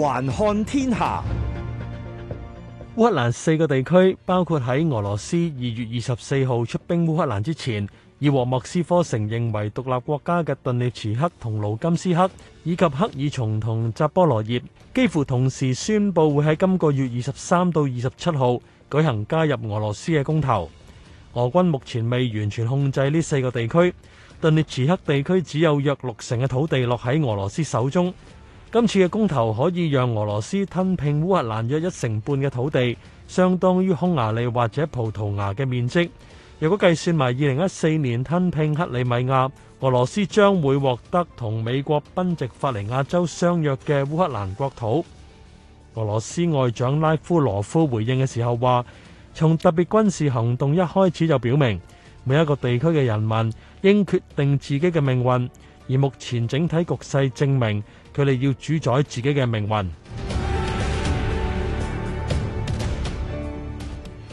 環看天下，烏克蘭四個地區包括喺俄羅斯二月二十四號出兵烏克蘭之前，以和莫斯科承認為獨立國家嘅頓涅茨克同盧甘斯克，以及克爾松同扎波羅耶，幾乎同時宣布會喺今個月二十三到二十七號舉行加入俄羅斯嘅公投。俄軍目前未完全控制呢四個地區，頓涅茨克地區只有約六成嘅土地落喺俄羅斯手中。今次嘅公投可以讓俄羅斯吞併烏克蘭約一成半嘅土地，相當於匈牙利或者葡萄牙嘅面積。如果計算埋二零一四年吞併克里米亞，俄羅斯將會獲得同美國賓夕法尼亞州相若嘅烏克蘭國土。俄羅斯外長拉夫羅夫回應嘅時候話，從特別軍事行動一開始就表明，每一個地區嘅人民應決定自己嘅命運。而目前整體局勢證明，佢哋要主宰自己嘅命運。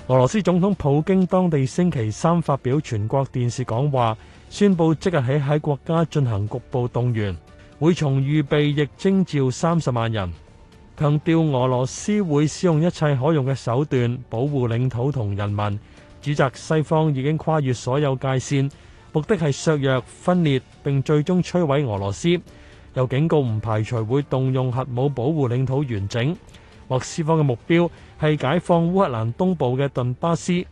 俄羅斯總統普京當地星期三發表全國電視講話，宣布即日起喺國家進行局部動員，會從預備役徵召三十萬人。強調俄羅斯會使用一切可用嘅手段保護領土同人民，指責西方已經跨越所有界線。目的係削弱分裂並最終摧毀俄羅斯，又警告唔排除會動用核武保護領土完整。莫斯科嘅目標係解放烏克蘭東部嘅頓巴斯。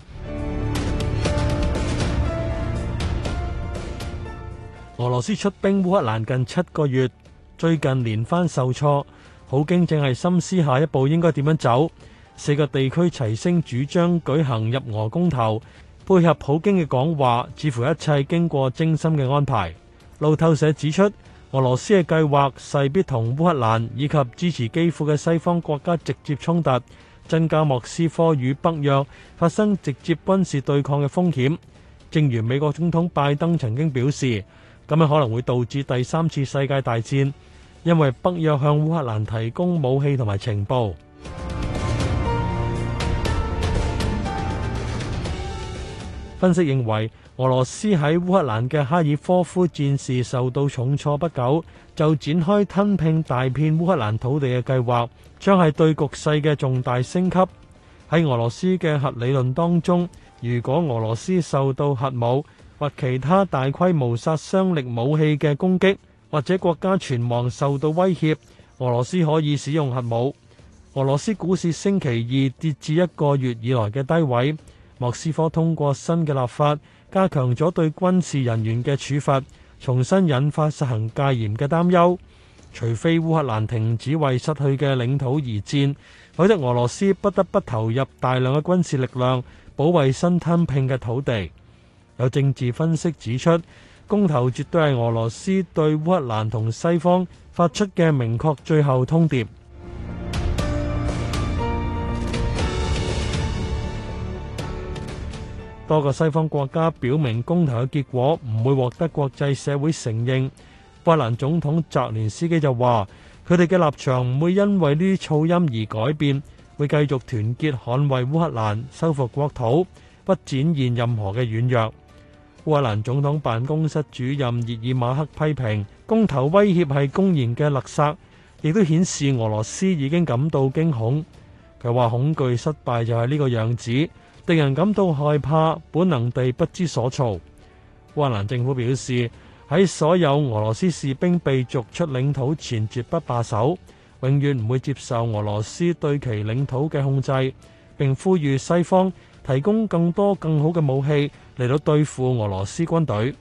俄羅斯出兵烏克蘭近七個月，最近連番受挫，普京正係深思下一步應該點樣走。四個地區齊聲主張舉行入俄公投。配合普京嘅講話，似乎一切經過精心嘅安排。路透社指出，俄羅斯嘅計劃勢必同烏克蘭以及支持基輔嘅西方國家直接衝突，增加莫斯科與北約發生直接軍事對抗嘅風險，正如美國總統拜登曾經表示，咁樣可能會導致第三次世界大戰，因為北約向烏克蘭提供武器同埋情報。分析認為，俄羅斯喺烏克蘭嘅哈爾科夫戰事受到重挫不久，就展開吞併大片烏克蘭土地嘅計劃，將係對局勢嘅重大升級。喺俄羅斯嘅核理論當中，如果俄羅斯受到核武或其他大規模殺傷力武器嘅攻擊，或者國家存亡受到威脅，俄羅斯可以使用核武。俄羅斯股市星期二跌至一個月以來嘅低位。莫斯科通過新嘅立法，加強咗對軍事人員嘅處罰，重新引發實行戒嚴嘅擔憂。除非烏克蘭停止為失去嘅領土而戰，否則俄羅斯不得不投入大量嘅軍事力量，保衛新吞併嘅土地。有政治分析指出，公投絕對係俄羅斯對烏克蘭同西方發出嘅明確最後通牒。多個西方國家表明公投嘅結果唔會獲得國際社會承認。烏克蘭總統澤連斯基就話：佢哋嘅立場唔會因為呢啲噪音而改變，會繼續團結捍衛烏克蘭、收復國土，不展現任何嘅軟弱。烏克蘭總統辦公室主任葉爾馬克批評公投威脅係公然嘅勒索，亦都顯示俄羅斯已經感到驚恐。佢話恐懼失敗就係呢個樣子。令人感到害怕，本能地不知所措。烏克蘭政府表示，喺所有俄羅斯士兵被逐出領土前，絕不罷手，永遠唔會接受俄羅斯對其領土嘅控制。並呼籲西方提供更多更好嘅武器嚟到對付俄羅斯軍隊。